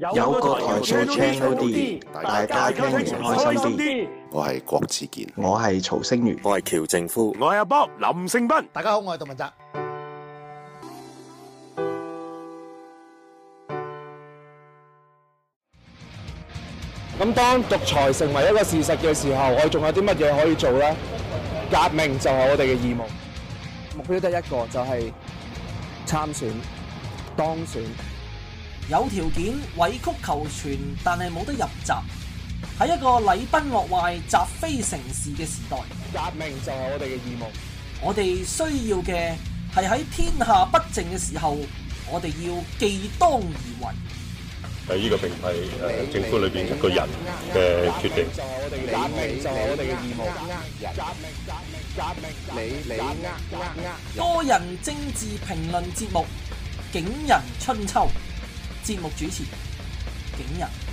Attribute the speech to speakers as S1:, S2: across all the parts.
S1: 有個台做 channel D，大家聽完開心啲。我係郭志健，我係曹星如，我係喬正夫，我係阿 Bob 林勝斌。大家好，我係杜文澤。咁當獨裁成為一個事實嘅時候，我仲有啲乜嘢可以做咧？革命就係我哋嘅義務。目標得一個就係參選、當選。有條件委曲求全，但係冇得入閘。喺一個禮崩樂壞、集非成是嘅時代，革命就係我哋嘅義務。我哋需要嘅係喺天下不正嘅時候，我哋要既當而為。喺呢個並唔係誒政府裏邊一個人嘅決定。就係我哋嘅革命就係我哋嘅義務。革命革命革命你你多人政治評論節目《景仁春秋》。節目主持，景仁。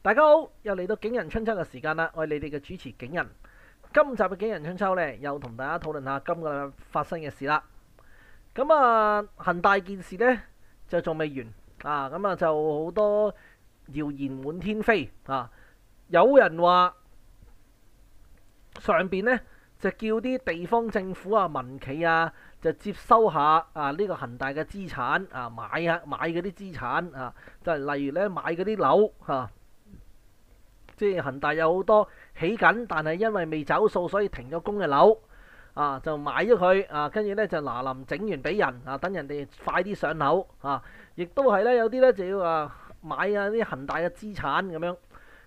S1: 大家好，又嚟到景仁春秋嘅時間啦！我係你哋嘅主持景仁，今集嘅景仁春秋呢，又同大家討論下今日發生嘅事啦。咁啊，恒大件事呢，就仲未完啊，咁啊就好多謠言滿天飛啊！有人話上邊呢，就叫啲地方政府啊、民企啊，就接收下啊呢個恒大嘅資產啊，買啊買嗰啲資產啊，就係例如呢，買嗰啲樓吓。啊即係恒大有好多起緊，但係因為未走數，所以停咗工嘅樓，啊就買咗佢，啊跟住咧就嗱臨整完俾人，啊等人哋快啲上樓，啊亦都係咧有啲咧就要啊買啊啲恒大嘅資產咁樣，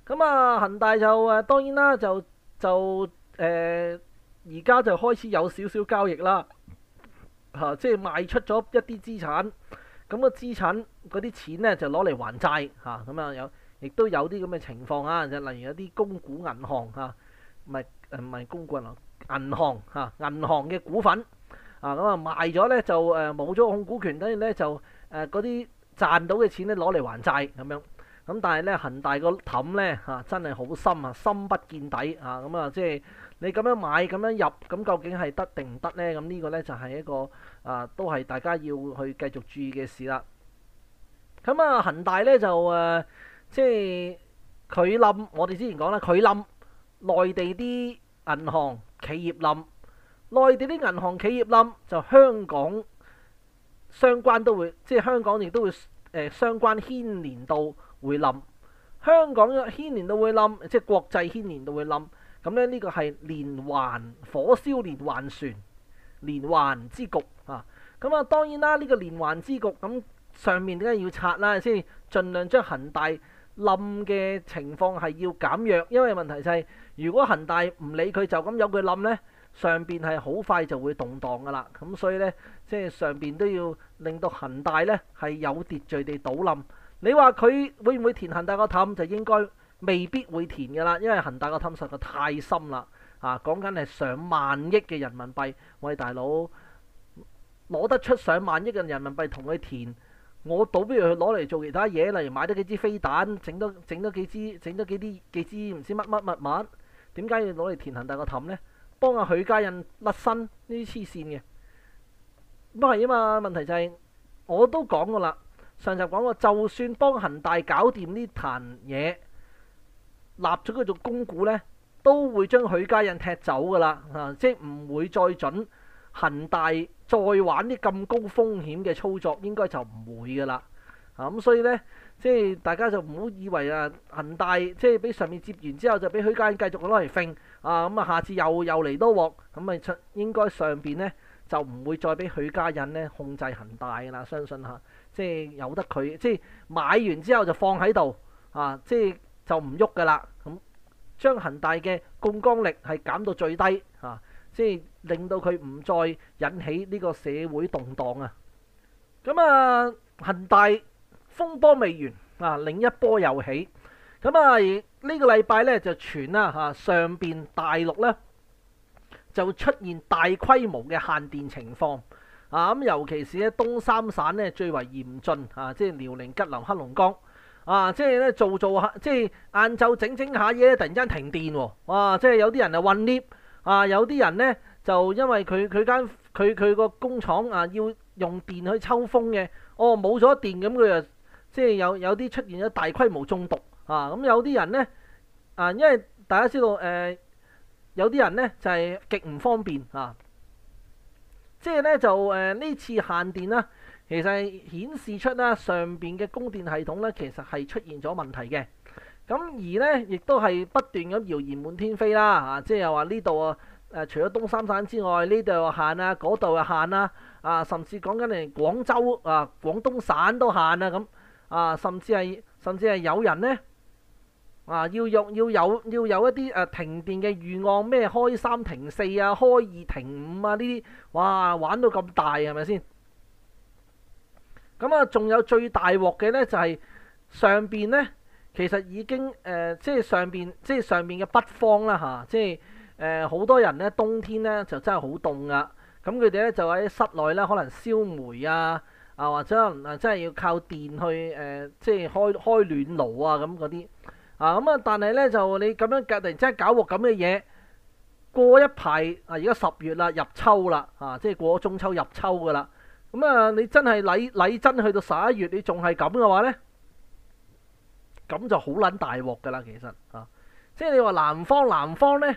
S1: 咁啊恒大就誒當然啦，就就誒而家就開始有少少交易啦，嚇、啊、即係賣出咗一啲資產，咁、嗰個資產嗰啲錢咧就攞嚟還債，嚇咁啊有。亦都有啲咁嘅情況啊，就例如有啲公股銀行嚇，唔係唔係公股銀行銀行嚇，銀行嘅股份啊，咁啊賣咗咧就誒冇咗控股權，跟住咧就誒嗰啲賺到嘅錢咧攞嚟還債咁樣，咁但係咧恒大個氹咧嚇真係好深啊，深不見底啊，咁啊即係你咁樣買咁樣入，咁究竟係得定唔得咧？咁呢個咧就係一個啊，都係大家要去繼續注意嘅事啦。咁啊，恒大咧就誒。即係佢冧，我哋之前講啦，佢冧內地啲銀行企業冧，內地啲銀行企業冧就香港相關都會，即係香港亦都會誒、呃、相關牽連到會冧。香港牽連到會冧，即係國際牽連到會冧。咁咧呢、這個係連環火燒連環船，連環之局啊！咁啊當然啦，呢、這個連環之局咁、嗯、上面點解要拆啦先？盡量將恒大。冧嘅情況係要減弱，因為問題就係如果恒大唔理佢就咁有佢冧呢，上邊係好快就會動盪噶啦。咁所以呢，即係上邊都要令到恒大呢係有秩序地倒冧。你話佢會唔會填恒大個氹，就應該未必會填噶啦，因為恒大個氹實在太深啦。啊，講緊係上萬億嘅人民幣，我哋大佬攞得出上萬億嘅人民幣同佢填？我倒不如去攞嚟做其他嘢，例如買多幾支飛彈，整多整多幾支，整多幾啲幾支唔知乜乜物物。點解要攞嚟填恒大個氹咧？幫阿許家印甩身呢啲黐線嘅，咁係啊嘛？問題就係、是、我都講過啦，上集講過，就算幫恒大搞掂呢壇嘢，立咗佢做公股咧，都會將許家印踢走噶啦、啊，即係唔會再准恒大。再玩啲咁高風險嘅操作，應該就唔會噶啦。啊咁，所以咧，即係大家就唔好以為啊，恒大即係俾上面接完之後，就俾許家印繼續攞嚟揈啊。咁啊，下次又又嚟多鑊，咁咪出，應該上邊咧就唔會再俾許家印咧控制恒大噶啦。相信嚇，即係由得佢，即係買完之後就放喺度啊，即係就唔喐噶啦。咁、啊、將恒大嘅槓桿力係減到最低。即係令到佢唔再引起呢個社會動盪啊！咁啊，恒大風波未完啊，另一波又起。咁啊，個禮呢個禮拜咧就傳啦嚇，上邊大陸咧就出現大規模嘅限電情況啊！咁尤其是咧東三省咧最為嚴峻啊！即係遼寧、吉林、黑龍江啊！即係咧做做下、啊，即係晏晝整整下嘢咧，突然間停電喎、啊！哇、啊！即係有啲人啊混捏。啊，有啲人咧就因為佢佢間佢佢個工廠啊要用電去抽風嘅，哦，冇咗電咁佢啊，即係有有啲出現咗大規模中毒啊。咁有啲人咧啊，因為大家知道誒、呃，有啲人咧就係極唔方便啊。即係咧就誒、呃、呢次限電啦，其實係顯示出啦上邊嘅供電系統咧其實係出現咗問題嘅。咁而咧，亦都係不斷咁謠言滿天飛啦！啊，即係又話呢度啊，誒、啊，除咗東三省之外，呢度又限啊，嗰度又限啦，啊，甚至講緊連廣州啊，廣東省都限啊咁，啊，甚至係，甚至係有人咧，啊，要約要有要有一啲誒停電嘅預案，咩開三停四啊，開二停五啊，呢啲哇，玩到咁大係咪先？咁啊，仲有最大鑊嘅咧，就係、是、上邊咧。其實已經誒、呃，即係上邊，即係上邊嘅北方啦嚇、啊，即係誒好多人咧，冬天咧就真係好凍噶，咁佢哋咧就喺室內咧可能燒煤啊，啊或者誒真係要靠電去誒、呃，即係開開暖爐啊咁嗰啲，啊咁啊，但係咧就你咁樣突然之間搞鑊咁嘅嘢，過一排啊，而家十月啦，入秋啦，啊即係過咗中秋入秋噶啦，咁啊你真係禮禮真去到十一月，你仲係咁嘅話咧？咁就好撚大鑊噶啦，其實嚇，即係你話南方，南方呢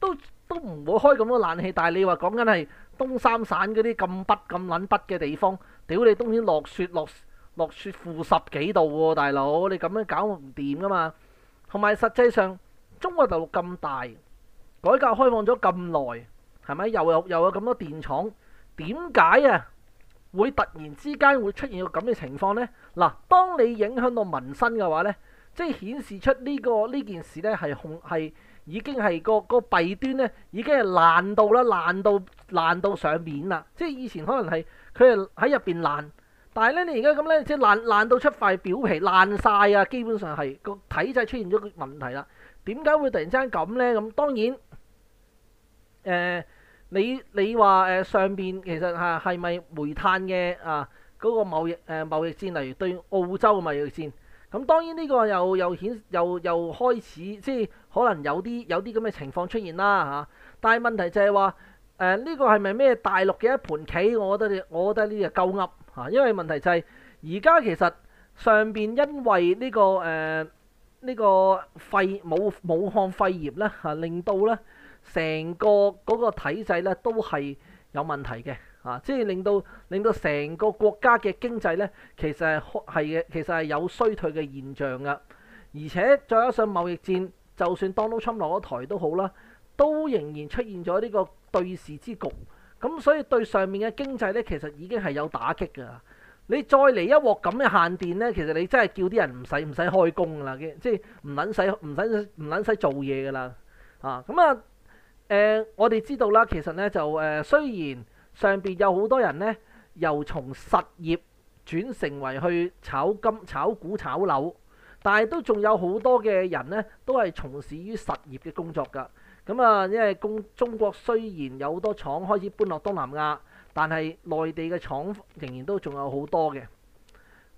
S1: 都都唔會開咁多冷氣，但係你話講緊係東三省嗰啲咁北咁撚北嘅地方，屌你冬天落雪落落雪負十幾度喎、啊，大佬你咁樣搞唔掂噶嘛？同埋實際上中國大陸咁大，改革開放咗咁耐，係咪又有又有咁多電廠？點解啊？會突然之間會出現一個咁嘅情況咧？嗱，當你影響到民生嘅話咧，即係顯示出呢、呢個呢件事咧係紅係已經係個個弊端咧，已經係爛到啦，爛到爛到上面啦。即係以前可能係佢係喺入邊爛，但係咧你而家咁咧，即係爛爛到出塊表皮，爛晒啊！基本上係個體制出現咗個問題啦。點解會突然之間咁咧？咁當然誒。呃你你話誒上邊其實嚇係咪煤炭嘅啊，嗰個貿易誒貿易戰，例如對澳洲嘅貿易戰，咁當然呢個又又顯又又開始即係可能有啲有啲咁嘅情況出現啦嚇，但係問題就係話誒呢個係咪咩大陸嘅一盤棋？我覺得呢，我覺得呢啲啊夠噏嚇，因為問題就係而家其實上邊因為呢個誒呢個肺武武漢肺炎啦嚇，令到咧。成個嗰個體制咧都係有問題嘅，啊！即係令到令到成個國家嘅經濟咧，其實係係嘅，其實係有衰退嘅現象噶。而且再加上貿易戰，就算 Donald Trump 落咗台都好啦，都仍然出現咗呢個對峙之局。咁所以對上面嘅經濟咧，其實已經係有打擊噶。你再嚟一鑊咁嘅限電咧，其實你真係叫啲人唔使唔使開工噶啦，即係唔撚使唔使唔撚使做嘢噶啦，啊！咁啊～誒、呃，我哋知道啦，其實咧就誒、呃，雖然上邊有好多人咧，由從實業轉成為去炒金、炒股、炒樓，但係都仲有好多嘅人咧，都係從事於實業嘅工作㗎。咁啊，因為公中國雖然有好多廠開始搬落東南亞，但係內地嘅廠仍然都仲有好多嘅。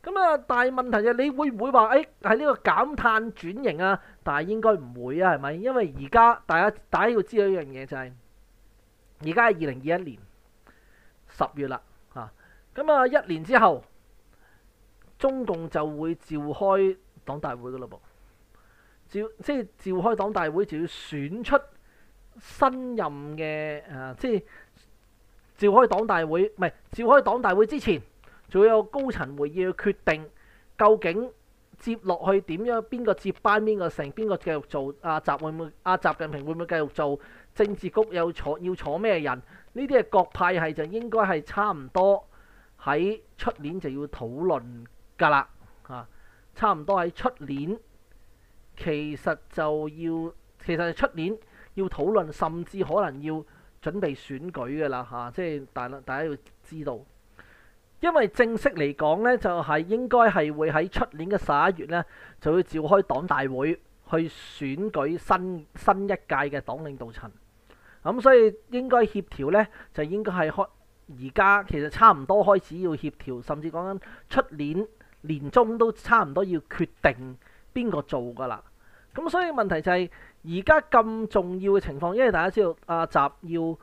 S1: 咁啊，大問題就係，你會唔會話，誒、哎，喺呢個減碳轉型啊？但係應該唔會啊，係咪？因為而家大家大家要知道一樣嘢就係、是，而家係二零二一年十月啦，嚇。咁啊，一年之後，中共就會召開黨大會噶啦噃，召即召開黨大會就要選出新任嘅，啊，即係召開黨大會，唔係召開黨大會之前。仲有高層會議嘅決定究竟接落去點樣，邊個接班，邊個成，邊個繼續做？阿習會唔會？阿習近平會唔會繼續做政治局？有坐要坐咩人？呢啲係各派係就應該係差唔多喺出年就要討論㗎啦嚇，差唔多喺出年，其實就要其實係出年要討論，甚至可能要準備選舉㗎啦嚇，即係大大家要知道。因為正式嚟講咧，就係、是、應該係會喺出年嘅十一月咧，就會召開黨大會去選舉新新一屆嘅黨領導層。咁、嗯、所以應該協調咧，就應該係開而家其實差唔多開始要協調，甚至講緊出年年中都差唔多要決定邊個做㗎喇。咁、嗯、所以問題就係而家咁重要嘅情況，因為大家知道阿習、啊、要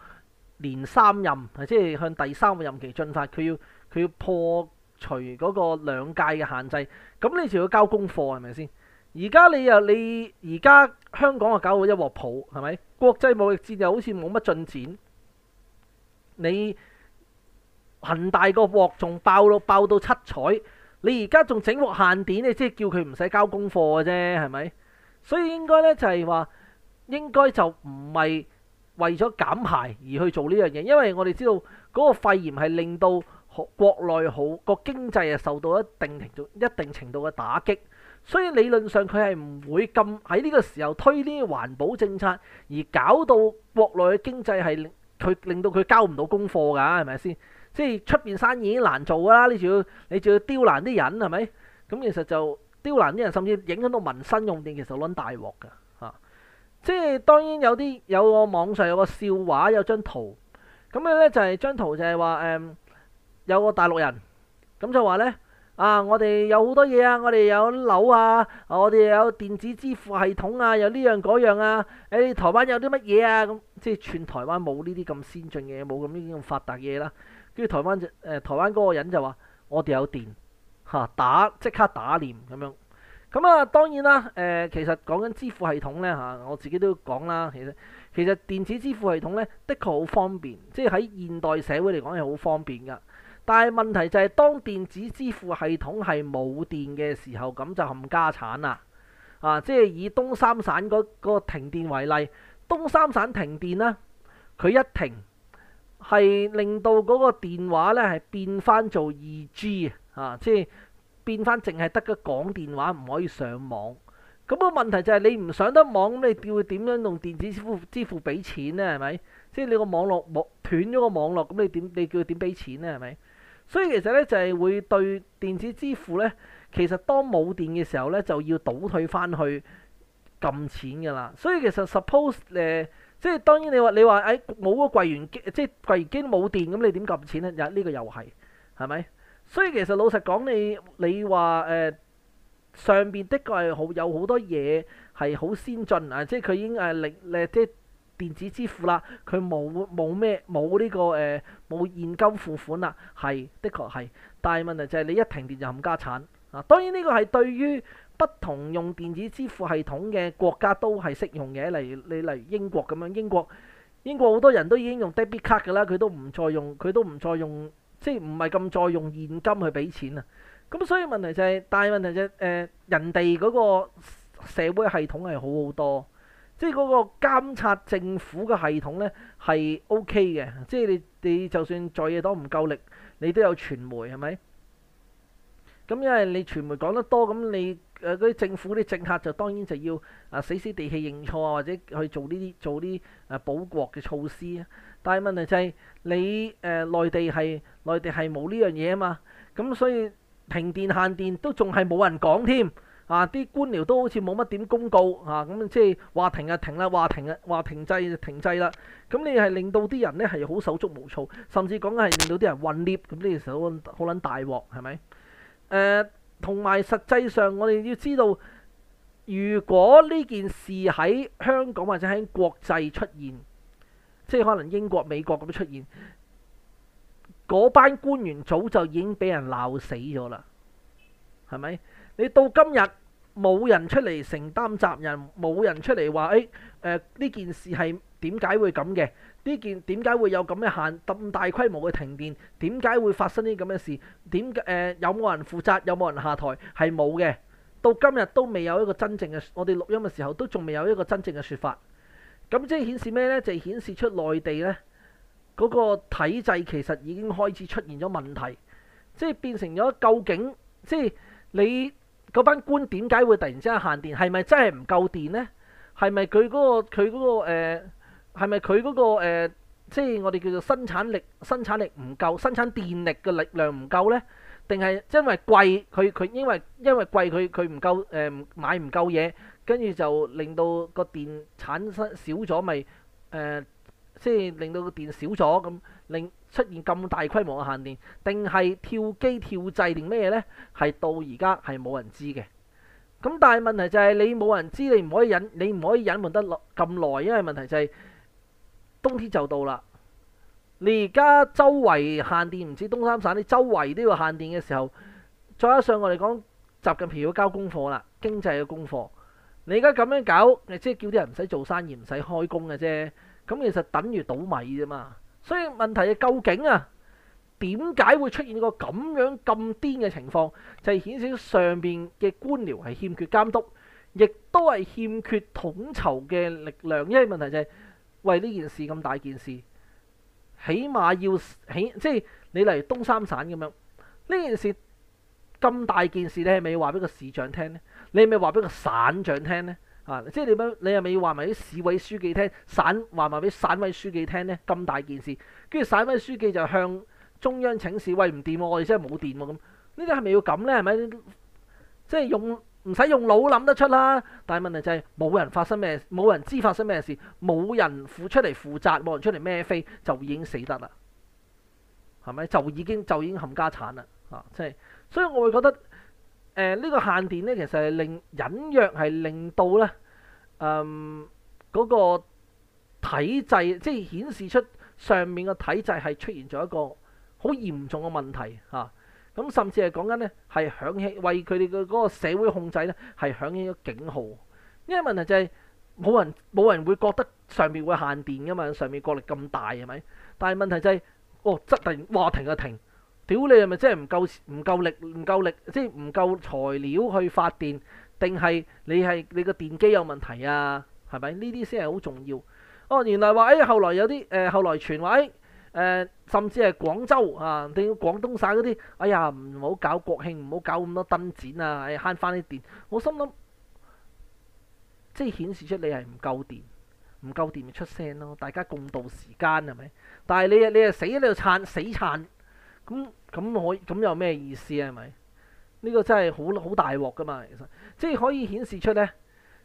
S1: 連三任，即、就、係、是、向第三個任期進發，佢要。佢要破除嗰個兩界嘅限制，咁你就要交功課，係咪先？而家你又你而家香港啊搞到一鑊泡，係咪？國際貿易戰又好似冇乜進展，你恒大個鑊仲爆到爆到七彩，你而家仲整鑊限電？你即係叫佢唔使交功課嘅啫，係咪？所以應該咧就係話，應該就唔係為咗減排而去做呢樣嘢，因為我哋知道嗰個肺炎係令到。國內好個經濟係受到一定程度一定程度嘅打擊，所以理論上佢係唔會咁喺呢個時候推啲環保政策，而搞到國內嘅經濟係佢令，令到佢交唔到功課㗎，係咪先？即係出邊生意已經難做啦，你仲要你仲要刁難啲人，係咪？咁其實就刁難啲人，甚至影響到民生用電，其實攞大鑊㗎嚇。即係當然有啲有個網上有個笑話，有張圖咁嘅咧，就係、係、張圖就係話誒。嗯有個大陸人咁就話咧啊！我哋有好多嘢啊，我哋有樓啊，啊，我哋有電子支付系統啊，有呢樣嗰樣啊。誒、哎，台灣有啲乜嘢啊？咁即係串台灣冇呢啲咁先進嘅嘢，冇咁呢啲咁發達嘅嘢啦。跟住台灣就誒、呃，台灣嗰個人就話我哋有電嚇打即刻打唸咁樣咁啊。當然啦，誒、呃、其實講緊支付系統咧嚇，我自己都講啦。其實其實電子支付系統咧，的確好方便，即係喺現代社會嚟講係好方便㗎。但係問題就係、是，當電子支付系統係冇電嘅時候，咁就冚家產啦！啊，即係以東三省嗰、那個停電為例，東三省停電啦，佢一停係令到嗰個電話呢係變翻做二 G 啊，即係變翻淨係得個講電話，唔可以上網。咁個問題就係、是、你唔上得網，你叫佢點樣用電子支付支付俾錢呢？係咪？即係你個網絡網斷咗個網絡，咁你點？你叫佢點俾錢呢？係咪？所以其實咧就係、是、會對電子支付咧，其實當冇電嘅時候咧就要倒退返去撳錢㗎喇。所以其實 suppose 誒、呃，即係當然你話你話誒冇個櫃員機，即係櫃員機都冇電咁，你點撳錢咧？又、這、呢個又係，係咪？所以其實老實講，你你話誒、呃、上邊的確係好有好多嘢係好先進啊，即係佢已經誒令誒即。電子支付啦，佢冇冇咩冇呢個誒冇、呃、現金付款啦，係的確係。但係問題就係你一停電就冚家產啊！當然呢個係對於不同用電子支付系統嘅國家都係適用嘅。例如你嚟英國咁樣，英國英國好多人都已經用 debit 卡㗎啦，佢都唔再用，佢都唔再用，即係唔係咁再用現金去俾錢啊？咁所以問題就係、是，但係問題就誒、是呃、人哋嗰個社會系統係好好多。即係嗰個監察政府嘅系統咧係 OK 嘅，即係你你就算在野黨唔夠力，你都有傳媒係咪？咁因為你傳媒講得多，咁你誒嗰啲政府啲政客就當然就要啊死死地氣認錯啊，或者去做呢啲做啲誒保國嘅措施啊。但係問題就係你誒、呃、內地係內地係冇呢樣嘢啊嘛，咁所以停電限電都仲係冇人講添。啊！啲官僚都好似冇乜點公告啊，咁、嗯、即係話停就停啦，話停啊話停，停滯就停滯啦。咁你係令到啲人咧係好手足無措，甚至講緊係令到啲人混亂。咁呢件事好好撚大鑊，係咪？誒、呃，同埋實際上，我哋要知道，如果呢件事喺香港或者喺國際出現，即係可能英國、美國咁樣出現，嗰班官員早就已經俾人鬧死咗啦，係咪？你到今日冇人出嚟承擔責任，冇人出嚟話，誒、欸，誒、呃、呢件事係點解會咁嘅？呢件點解會有咁嘅限咁大規模嘅停電，點解會發生啲咁嘅事？點解誒有冇人負責，有冇人下台？係冇嘅。到今日都未有一個真正嘅，我哋錄音嘅時候都仲未有一個真正嘅說法。咁即係顯示咩咧？就顯示出內地咧嗰個體制其實已經開始出現咗問題，即係變成咗究竟即係你。嗰班官點解會突然之間限電？係咪真係唔夠電呢？係咪佢嗰個佢嗰個誒，係咪佢嗰個、呃、即係我哋叫做生產力生產力唔夠生產電力嘅力量唔夠呢？定係因為貴佢佢因為因為貴佢佢唔夠誒、唔、呃、買唔夠嘢，跟住就令到個電產生少咗，咪誒、呃、即係令到個電少咗咁。令出現咁大規模嘅限電，定係跳機跳掣定咩嘢呢？係到而家係冇人知嘅。咁但係問題就係你冇人知，你唔可以隱，你唔可以隱瞞得咁耐，因為問題就係冬天就到啦。你而家周圍限電，唔止東三省，你周圍都要限電嘅時候，再加上我哋講習近平要交功課啦，經濟嘅功課。你而家咁樣搞，你即係叫啲人唔使做生意，唔使開工嘅啫。咁其實等於倒米啫嘛。所以問題係究竟啊，點解會出現個咁樣咁癲嘅情況？就係顯示上邊嘅官僚係欠缺監督，亦都係欠缺統籌嘅力量。因為問題就係喂，呢件事咁大件事，起碼要起即係你例如東三省咁樣，呢件事咁大件事，你係咪要話俾個市長聽呢？你係咪話俾個省長聽呢？啊！即係你咪你係咪要話埋啲市委書記聽，省話埋俾省委書記聽咧？咁大件事，跟住省委書記就向中央請示，喂唔掂喎，我哋真係冇掂喎咁。咁呢啲係咪要咁咧？係咪？即係用唔使用，用腦諗得出啦？但係問題就係、係、冇人發生咩事，冇人知發生咩事，冇人付出嚟負責，冇人出嚟孭飛，就已經死得啦。係咪？就已經就已經冚家產啦！啊，即係，所以我會覺得。誒呢個限電咧，其實係令隱約係令到咧，嗯嗰個體制，即係顯示出上面個體制係出現咗一個好嚴重嘅問題嚇。咁甚至係講緊咧，係響起為佢哋嘅嗰個社會控制咧，係響起一個警號。因為問題就係冇人冇人會覺得上面會限電㗎嘛，上面國力咁大，係咪？但係問題就係，哦，即突然話停就停。屌，你係咪真係唔夠唔夠力唔夠力，即係唔夠材料去發電，定係你係你個電機有問題啊？係咪？呢啲先係好重要。哦，原來話誒，後來有啲誒，後來傳話誒，甚至係廣州啊，定廣東省嗰啲，哎呀，唔好搞國慶，唔好搞咁多燈展啊，誒慳翻啲電。我心諗即係顯示出你係唔夠電，唔夠電咪出聲咯。大家共度時間係咪？但係你啊，你啊死喺度撐死撐。咁咁我咁有咩意思啊？係咪呢個真係好好大鑊㗎嘛？其實即係可以顯示出呢，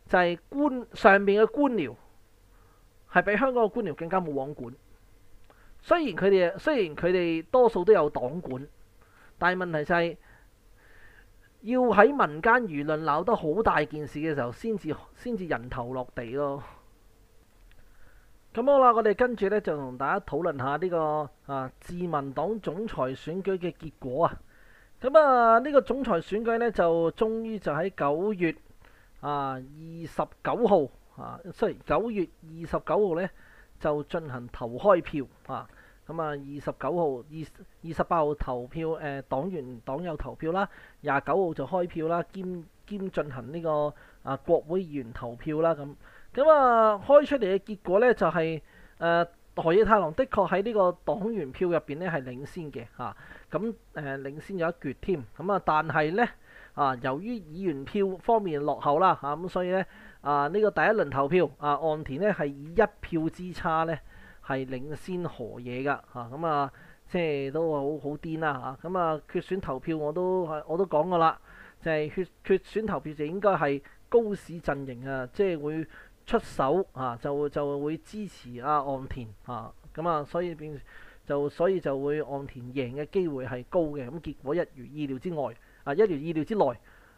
S1: 就係、是、官上面嘅官僚係比香港嘅官僚更加冇王管。雖然佢哋雖然佢哋多數都有黨管，但係問題就係、是、要喺民間輿論鬧得好大件事嘅時候，先至先至人頭落地咯。咁好啦，我哋跟住咧就同大家討論下呢個啊自民黨總裁選舉嘅結果啊。咁啊呢個總裁選舉咧就終於就喺九月啊二十九號啊，雖然九月二十九號咧就進行投開票啊。咁啊二十九號二二十八號投票誒、呃、黨員，黨員黨友投票啦，廿九號就開票啦，兼兼進行呢個啊國會議員投票啦咁。咁啊、嗯，開出嚟嘅結果咧，就係、是、誒、呃、河野太郎的確喺呢個黨員票入邊咧係領先嘅嚇，咁、啊、誒、呃、領先有一橛添。咁啊，但係咧啊，由於議員票方面落後啦嚇，咁、啊、所以咧啊呢、這個第一輪投票啊岸田咧係以一票之差咧係領先河野噶嚇，咁啊，啊即係都好好癲啦嚇，咁啊，啊，啊決選投票我都係我都講過啦，就係、是、決決選投票就應該係高市陣營啊，即係會。出手啊，就會就會支持阿、啊、岸田啊，咁啊，所以變就所以就會岸田贏嘅機會係高嘅，咁、啊、結果一如意料之外啊，一如意料之內，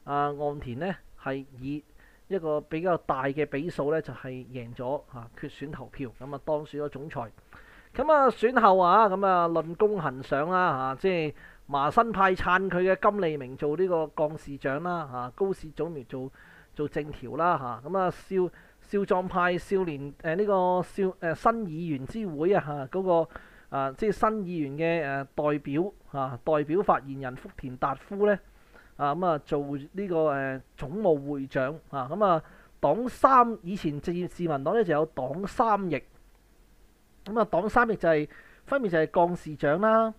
S1: 阿、啊、岸田呢係以一個比較大嘅比數呢就係贏咗啊，決選投票，咁啊當選咗總裁，咁啊選後啊，咁啊論功行賞啦、啊，嚇、啊，即、就、係、是、麻生派撐佢嘅金利明做呢個幹事長啦、啊，嚇、啊，高市早苗做做政調啦、啊，嚇、啊，咁啊燒。少壯派少年誒呢、呃這個少誒、呃、新議員之會，啊嚇嗰、那個啊、呃、即係新議員嘅誒代表啊代表發言人福田達夫咧，啊咁啊做呢、這個誒、呃、總務會長啊。咁啊黨三以前自民黨咧就有黨三役，咁啊黨三役就係、是、分別就係幹事長啦誒呢、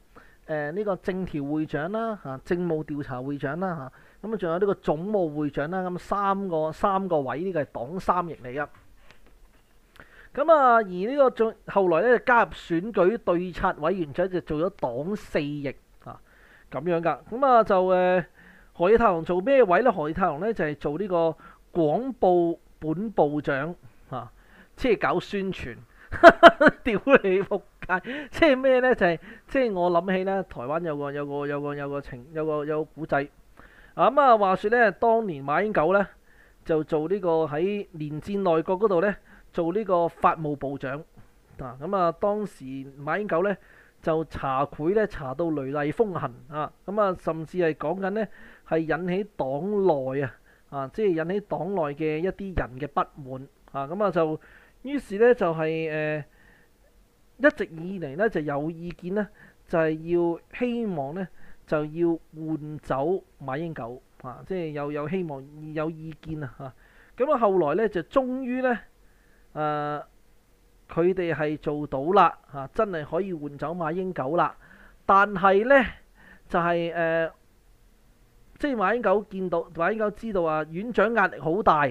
S1: 呃這個政調會長啦啊政務調查會長啦啊咁啊，仲有呢個總務會長啦，咁三個三個位呢個係黨三役嚟噶。咁啊，而呢、這個最後來咧加入選舉對策委員長就做咗黨四役啊，咁樣噶。咁啊就誒河野太郎做咩位咧？河野太郎咧就係、是、做呢個廣報本部長啊，即係搞宣傳， 屌你仆街！即係咩咧？就係、是、即係我諗起咧，台灣有個有個有個有個情有個有個古仔。啊咁啊，話說咧，當年馬英九咧就做呢、這個喺連戰內閣嗰度咧做呢個法務部長。啊咁啊，當時馬英九咧就查賄咧查到雷厲風行啊，咁啊甚至係講緊咧係引起黨內啊啊，即係引起黨內嘅一啲人嘅不滿啊。咁啊就於是咧就係、是、誒、呃、一直以嚟咧就有意見啦，就係、是、要希望咧。就要換走馬英九啊！即係又有，有希望有意見啊！嚇咁啊，後來咧就終於咧，誒佢哋係做到啦嚇、啊，真係可以換走馬英九啦。但係咧就係、是、誒，即、呃、係、就是、馬英九見到馬英九知道啊，院長壓力好大，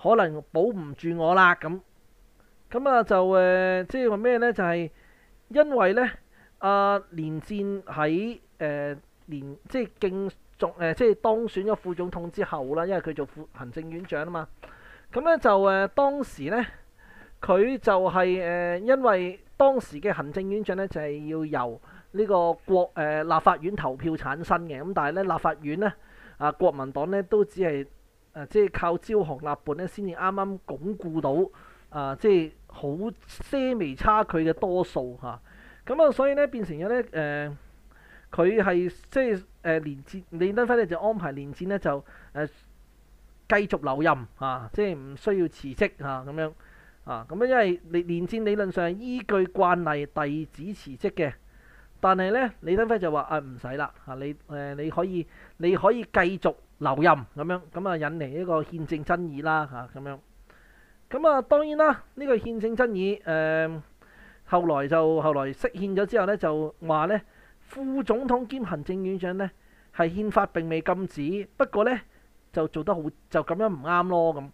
S1: 可能保唔住我啦咁。咁啊就誒，即係話咩咧？就係、呃就是就是、因為咧，阿、啊、連戰喺。誒、呃、連即係競總誒，即係當選咗副總統之後啦，因為佢做副行政院長啊嘛。咁、嗯、咧就誒、呃、當時咧，佢就係、是、誒、呃、因為當時嘅行政院長咧，就係、是、要由呢個國誒、呃、立法院投票產生嘅。咁但係咧，立法院咧啊，國民黨咧都只係誒、呃、即係靠招降納叛咧，先至啱啱鞏固到啊、呃，即係好些微差距嘅多數嚇。咁啊，所以咧變成咗咧誒。呃佢係即係誒，連戰李登輝咧就安排連戰呢，就、呃、誒繼續留任嚇、啊，即係唔需要辭職嚇咁、啊、樣啊咁啊，因為連連戰理論上依據慣例弟子辭職嘅，但係咧李登輝就話啊唔使啦啊，你誒、呃、你可以你可以繼續留任咁樣，咁啊引嚟一個憲政爭議啦嚇咁樣。咁啊當然啦，呢、呢個憲政爭議誒、呃、後來就後來釋憲咗之後咧就話咧。副總統兼行政院長呢，係憲法並未禁止，不過呢，就做得好就咁樣唔啱咯咁。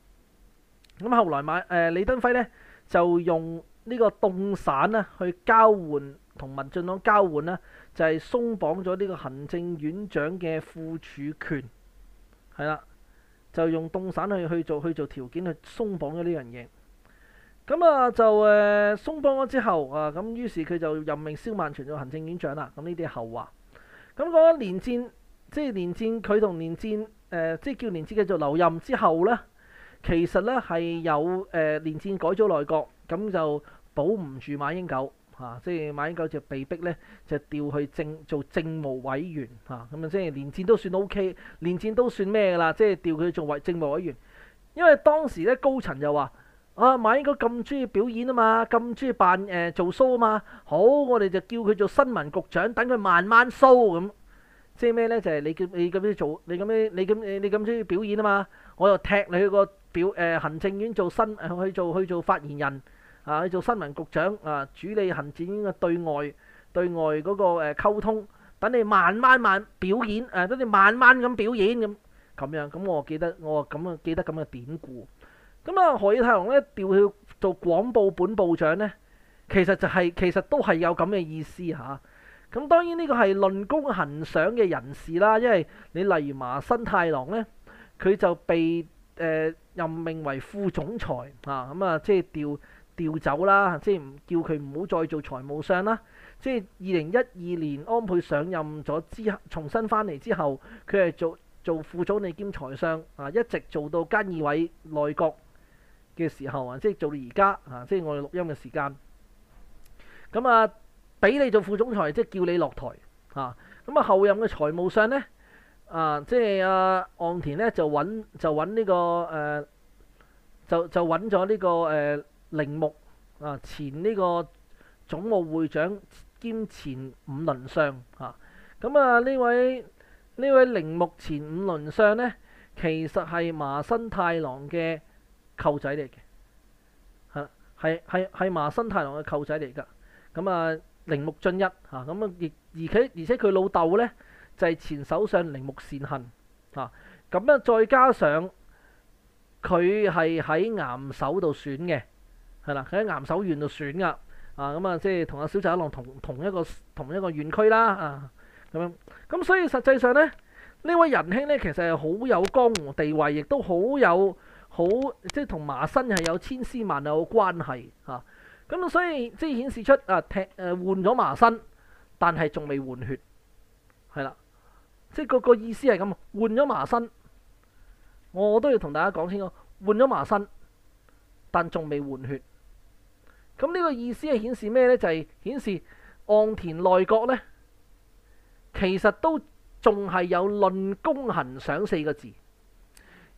S1: 咁後來買誒、呃、李登輝呢，就用個呢個凍省啦去交換同民進黨交換呢就係、是、鬆綁咗呢個行政院長嘅副署權，係啦，就用凍省去去做去做條件去鬆綁咗呢樣嘢。咁啊、嗯、就誒鬆綁咗之後啊，咁於是佢就任命蕭萬長做行政院長啦。咁呢啲係後話。咁講緊連戰，即係連戰佢同連戰誒，即、呃、係、就是、叫連戰繼續留任之後呢，其實呢係有誒連、呃、戰改咗內閣，咁、嗯、就保唔住馬英九嚇、啊，即係馬英九就被逼呢，就調去政做政務委員嚇。咁啊、嗯、即係連戰都算 O K，連戰都算咩嘅啦，即係調佢做為政務委員。因為當時呢，高層就話。啊！馬英九咁中意表演啊嘛，咁中意扮誒做 show 啊嘛。好，我哋就叫佢做新聞局長，等佢慢慢 show 咁。即係咩呢？就係你叫你咁樣做，你咁樣你咁你你咁中意表演啊嘛。我又踢你去個表誒行政院做新去做去做發言人啊，去做新聞局長啊，主理行政院嘅對外對外嗰個誒溝通。等你慢慢慢表演誒，等你慢慢咁表演咁咁樣。咁我記得我咁啊記得咁嘅典故。咁啊，河野太郎咧調去做廣報本部長咧，其實就係、是、其實都係有咁嘅意思嚇。咁、啊、當然呢個係論功行賞嘅人事啦，因為你例如麻生太郎咧，佢就被誒、呃、任命為副總裁啊，咁、嗯、啊即係調調走啦，即係唔叫佢唔好再做財務相啦。即係二零一二年安倍上任咗之後，重新翻嚟之後，佢係做做副總理兼財相，啊，一直做到菅義偉內閣。嘅時候啊，即係做到而家啊，即係我哋錄音嘅時間。咁啊，俾你做副總裁，即係叫你落台嚇。咁啊，啊，後任嘅財務相呢，啊，即係啊岸田呢，就揾就揾呢個誒，就、這個啊、就揾咗呢個誒鈴、啊、木啊，前呢個總務會長兼前五輪相嚇。咁啊，呢、啊、位呢位鈴木前五輪相呢，其實係麻生太郎嘅。舅仔嚟嘅，係係係係麻生太郎嘅舅仔嚟噶。咁啊鈴木俊一吓，咁啊而而且而且佢老豆呢，就係、是、前首相鈴木善幸吓。咁啊，啊再加上佢係喺岩手度選嘅係啦，喺岩手縣度選噶啊，咁啊即係同阿小澤一郎同同一個同一個縣區啦啊，咁樣咁所以實際上呢，呢位仁兄呢，其實係好有江湖地位，亦都好有。好即係同麻生係有千絲萬縷嘅關係吓，咁、啊、所以即係顯示出啊踢誒換咗麻生，但係仲未換血，係啦，即係個個意思係咁，換咗麻生，我都要同大家講清楚，換咗麻生，但仲未換血，咁呢個意思係顯示咩呢？就係、是、顯示岸田內閣呢，其實都仲係有論功行賞四個字。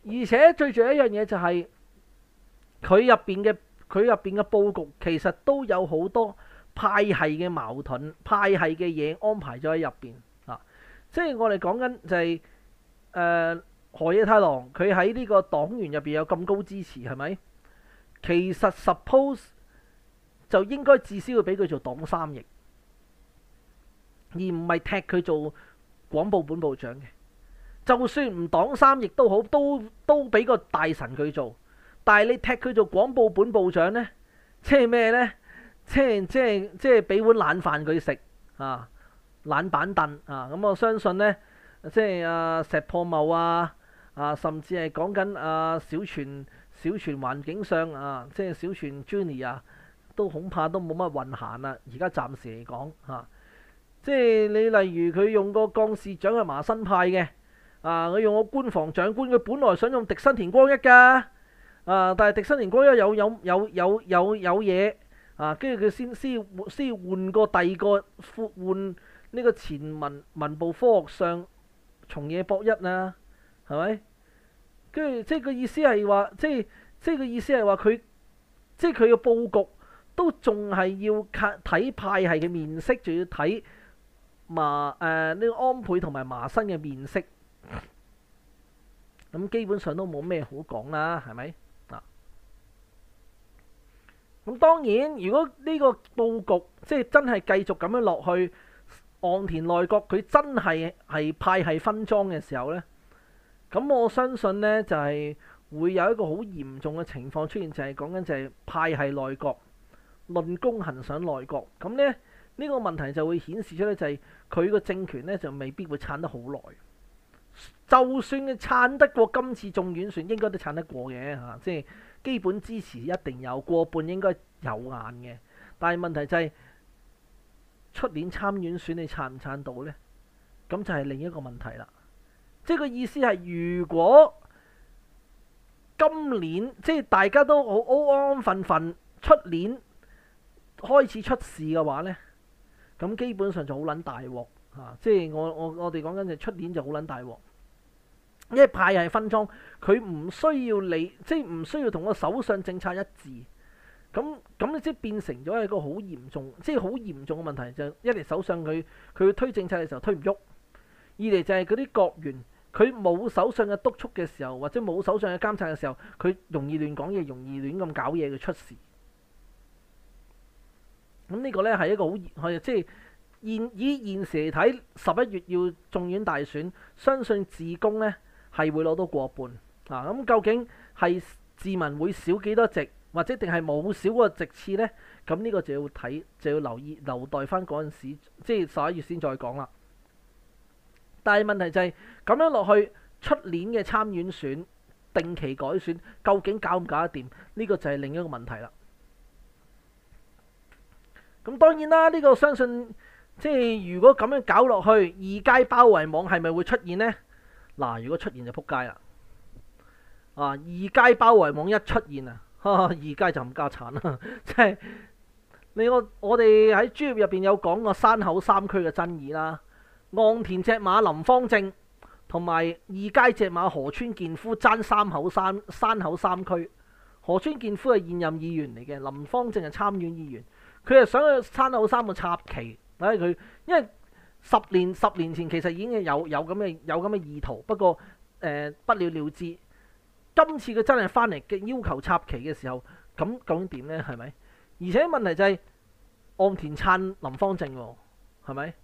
S1: 而且最重要一樣嘢就係佢入邊嘅佢入邊嘅佈局，其實都有好多派系嘅矛盾、派系嘅嘢安排咗喺入邊啊！即係我哋講緊就係誒河野太郎，佢喺呢個黨員入邊有咁高支持，係咪？其實 suppose 就應該至少要俾佢做黨三役，而唔係踢佢做廣報本部長嘅。就算唔黨三亦都好，都都俾個大臣佢做，但係你踢佢做廣報本部長呢？即係咩呢？即係即係即係俾碗冷飯佢食啊，冷板凳啊。咁我相信呢，即係阿、啊、石破茂啊啊，甚至係講緊阿、啊、小泉小泉環境相啊，即係小泉 Junior 啊，都恐怕都冇乜運行啦。而家暫時嚟講嚇，即係你例如佢用個幹事長去麻生派嘅。啊！佢用我官房長官，佢本來想用荻生田光一噶，啊！但係荻生田光一有有有有有有嘢，啊！跟住佢先先先換個第二個換呢個前文文部科學相松野博一啊，係咪？跟住即係個意思係話，即係即係個意思係話佢，即係佢個佈局都仲係要睇派系嘅面色，仲要睇麻誒呢、呃呢個安倍同埋麻生嘅面色。咁基本上都冇咩好講啦，係咪啊？咁當然，如果呢個佈局即係、就是、真係繼續咁樣落去，岸田內閣佢真係係派系分贓嘅時候呢，咁我相信呢就係、是、會有一個好嚴重嘅情況出現，就係講緊就係派系內閣論功行賞內閣，咁呢呢、這個問題就會顯示出呢，就係佢個政權呢就未必會撐得好耐。就算你撐得過今次眾院選，應該都撐得過嘅嚇、啊，即係基本支持一定有過半，應該有眼嘅。但係問題就係、是、出年參院選你撐唔撐到咧？咁就係另一個問題啦。即係個意思係，如果今年即係大家都好安安分分，出年開始出事嘅話咧，咁基本上就好撚大鑊嚇。即係我我我哋講緊就出年就好撚大鑊。因為派系分贓，佢唔需要你，即係唔需要同個首相政策一致。咁咁，你即係變成咗一個好嚴重，即係好嚴重嘅問題。就一嚟，首相佢佢推政策嘅時候推唔喐；二嚟就係嗰啲國員，佢冇首相嘅督促嘅時候，或者冇首相嘅監察嘅時候，佢容易亂講嘢，容易亂咁搞嘢，嘅出事。咁呢個咧係一個好，即係現以現時嚟睇，十一月要眾院大選，相信自公咧。係會攞到過半，嗱、啊、咁究竟係自民會少幾多少席，或者定係冇少過席次呢？咁呢個就要睇，就要留意留待翻嗰陣時，即係十一月先再講啦。但係問題就係、是、咁樣落去，出年嘅參院選定期改選，究竟搞唔搞得掂？呢、這個就係另一個問題啦。咁當然啦，呢、這個相信即係如果咁樣搞落去，二階包圍網係咪會出現呢？嗱、啊，如果出現就撲街啦！啊，二階包圍網一出現啊，二階就冚家鏟啦，即係、就是、你我我哋喺專業入邊有講過山口三區嘅爭議啦，岸田隻馬林芳正同埋二階隻馬河村建夫爭山口三山口三區，河村建夫係現任議員嚟嘅，林芳正係參院議員，佢係想去山口三個插旗，睇下佢，因為。十年十年前其實已經有有咁嘅有咁嘅意圖，不過誒、呃、不了了之。今次佢真係翻嚟嘅要求插旗嘅時候，咁究竟點咧？係咪？而且問題就係岸田撐林芳正喎、哦，係咪？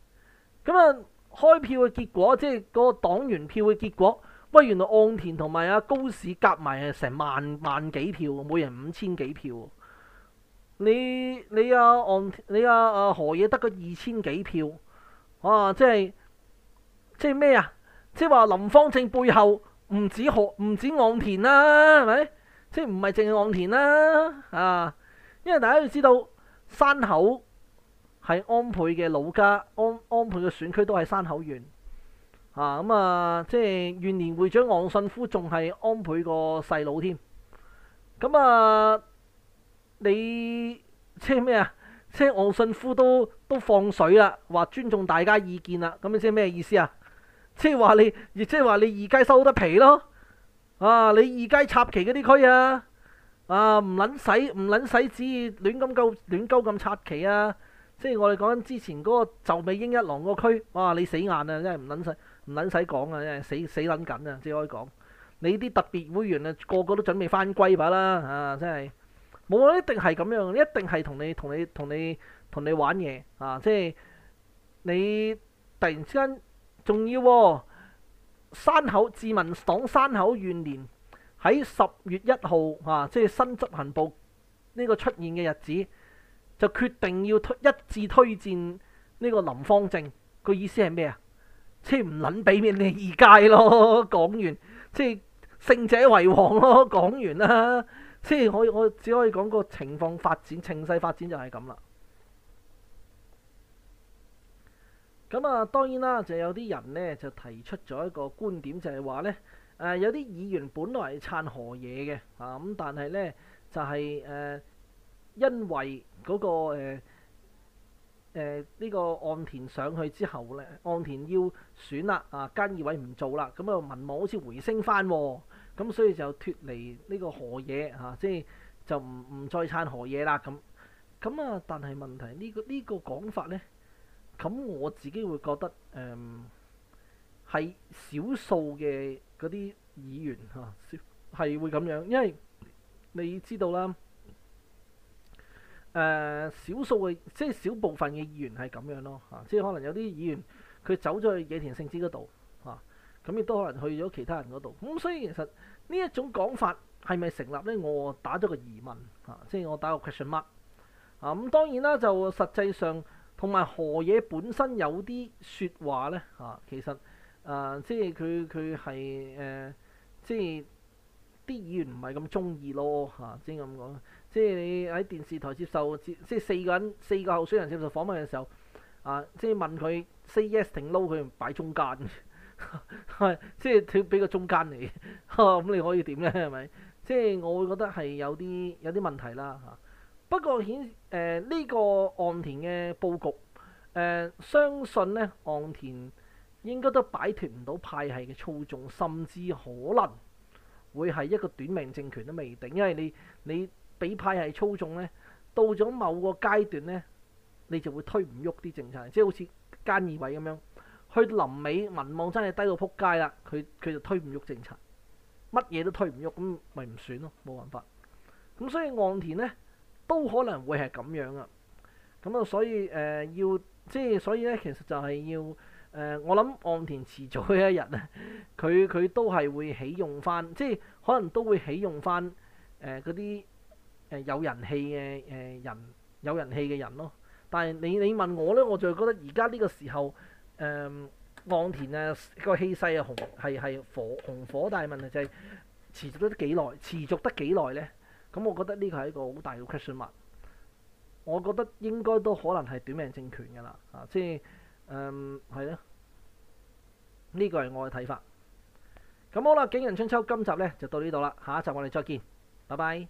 S1: 咁啊，開票嘅結果即係個黨員票嘅結果，喂，原來岸田同埋阿高市夾埋係成萬萬幾票，每人五千幾票。你你阿、啊、岸你阿、啊、阿何嘢得個二千幾票？啊，即係即係咩啊？即係話林方正背後唔止何唔止岸田啦、啊，係咪？即係唔係淨係岸田啦啊,啊？因為大家都知道山口係安倍嘅老家，安安倍嘅選區都係山口縣啊。咁、嗯、啊，即係元年會長岸信夫仲係安倍個細佬添。咁啊，你即係咩啊？即係敖信夫都都放水啦，話尊重大家意見啦，咁你知咩意思啊？即係話你，亦即係話你二階收得皮咯，啊，你二階插旗嗰啲區啊，啊唔捻使，唔捻使，指亂咁鳩亂鳩咁插旗啊！即係我哋講緊之前嗰個就美英一郎嗰個區，哇、啊，你死硬啊，真係唔捻使，唔捻使講啊，真係死死捻緊啊，即可以講，你啲特別會員啊，個個都準備翻歸把啦，啊，真係。冇一定係咁樣，一定係同你同你同你同你玩嘢啊！即係你突然之間仲要喎、哦，山口自民黨山口怨年喺十月一號啊！即係新執行部呢個出現嘅日子，就決定要推一致推薦呢個林方正。個意思係咩啊？即係唔撚俾面你二階咯，講完即係勝者為王咯，講完啦、啊。即係我我只可以講個情況發展，情勢發展就係咁啦。咁啊當然啦，就有啲人咧就提出咗一個觀點，就，就係話咧誒有啲議員本來撐河野嘅啊，咁，但係咧就係、是、誒、呃、因為嗰、那個誒呢、呃呃呢個岸田上去之後咧，岸田要選啦啊，菅義偉唔做啦，咁啊民望好似回升翻喎。咁、嗯、所以就脫離呢個河野嚇、啊，即係就唔唔再撐河野啦咁。咁啊，但係問題、這個這個、呢個呢個講法咧，咁我自己會覺得誒，係、呃、少數嘅嗰啲議員嚇，係、啊、會咁樣，因為你知道啦，誒、呃、少數嘅即係少部分嘅議員係咁樣咯嚇、啊，即係可能有啲議員佢走咗去野田聖子嗰度。咁亦都可能去咗其他人嗰度，咁、嗯、所以其實呢一種講法係咪成立咧？我打咗個疑問啊，即係我打個 question mark 啊。咁當然啦，就實際上同埋何嘢本身有啲説話咧啊。其實誒、啊，即係佢佢係誒，即係啲議員唔係咁中意咯嚇、啊，即係咁講。即係你喺電視台接受即係四個人四個候選人接受訪問嘅時候啊，即係問佢 say yes 定 no，佢擺中間。 係 即係佢俾個中間你，咁你可以點咧？係咪？即係我會覺得係有啲有啲問題啦。不過顯誒呢個岸田嘅布局，誒、呃、相信咧岸田應該都擺脫唔到派系嘅操縱，甚至可能會係一個短命政權都未定。因為你你俾派系操縱咧，到咗某個階段咧，你就會推唔喐啲政策，即係好似菅義偉咁樣。去臨尾，民望真係低到仆街啦！佢佢就推唔喐政策，乜嘢都推唔喐，咁咪唔選咯，冇辦法。咁所以岸田咧都可能會係咁樣啊。咁啊，所以誒、呃、要即係，所以咧其實就係要誒、呃，我諗岸田遲早有一日啊，佢佢都係會起用翻，即係可能都會起用翻誒嗰啲誒有人氣嘅誒人，有人氣嘅人咯。但係你你問我咧，我就覺得而家呢個時候誒。呃岸田啊個氣勢啊紅係係火紅火，但係問題就係持續得幾耐？持續得幾耐咧？咁我覺得呢個係一個好大嘅 question mark。我覺得應該都可能係短命政權㗎啦，啊，即係誒係咯。呢個係我嘅睇法。咁好啦，《景仁春秋》今集咧就到呢度啦，下一集我哋再見，拜拜。